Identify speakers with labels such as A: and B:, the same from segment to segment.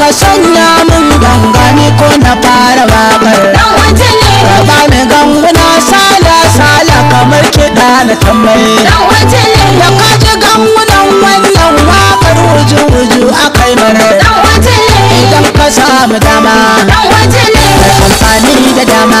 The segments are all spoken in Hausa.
A: ka sanya min gangani ko na fara bakar raba mai ganguna sala sala kamar kiɗa na tambaye da ka ji gangunan wannan wakar wuju wuju akai mana idan ka samu dama amfani da dama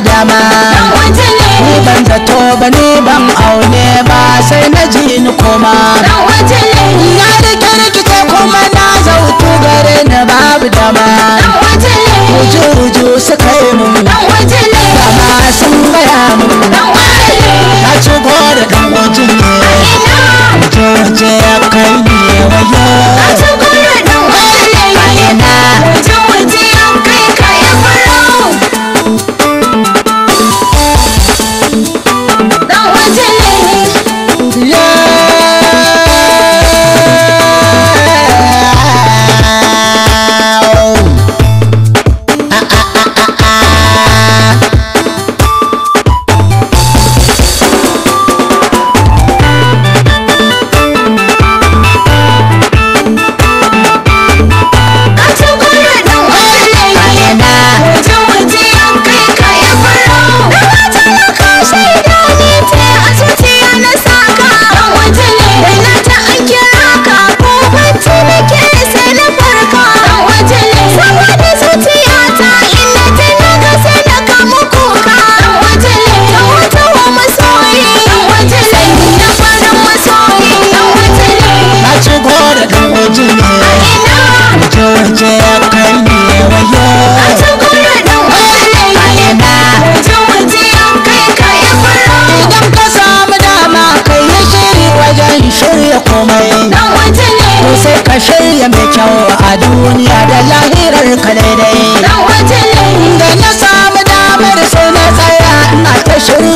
A: da dama ni ban zato ba ni ban aune ba sai na ji ni koma na rike rikita shirya mai kyau a duniya da lahirar ka daidai wajen da na samu damar sai na tsaya ina ta shirya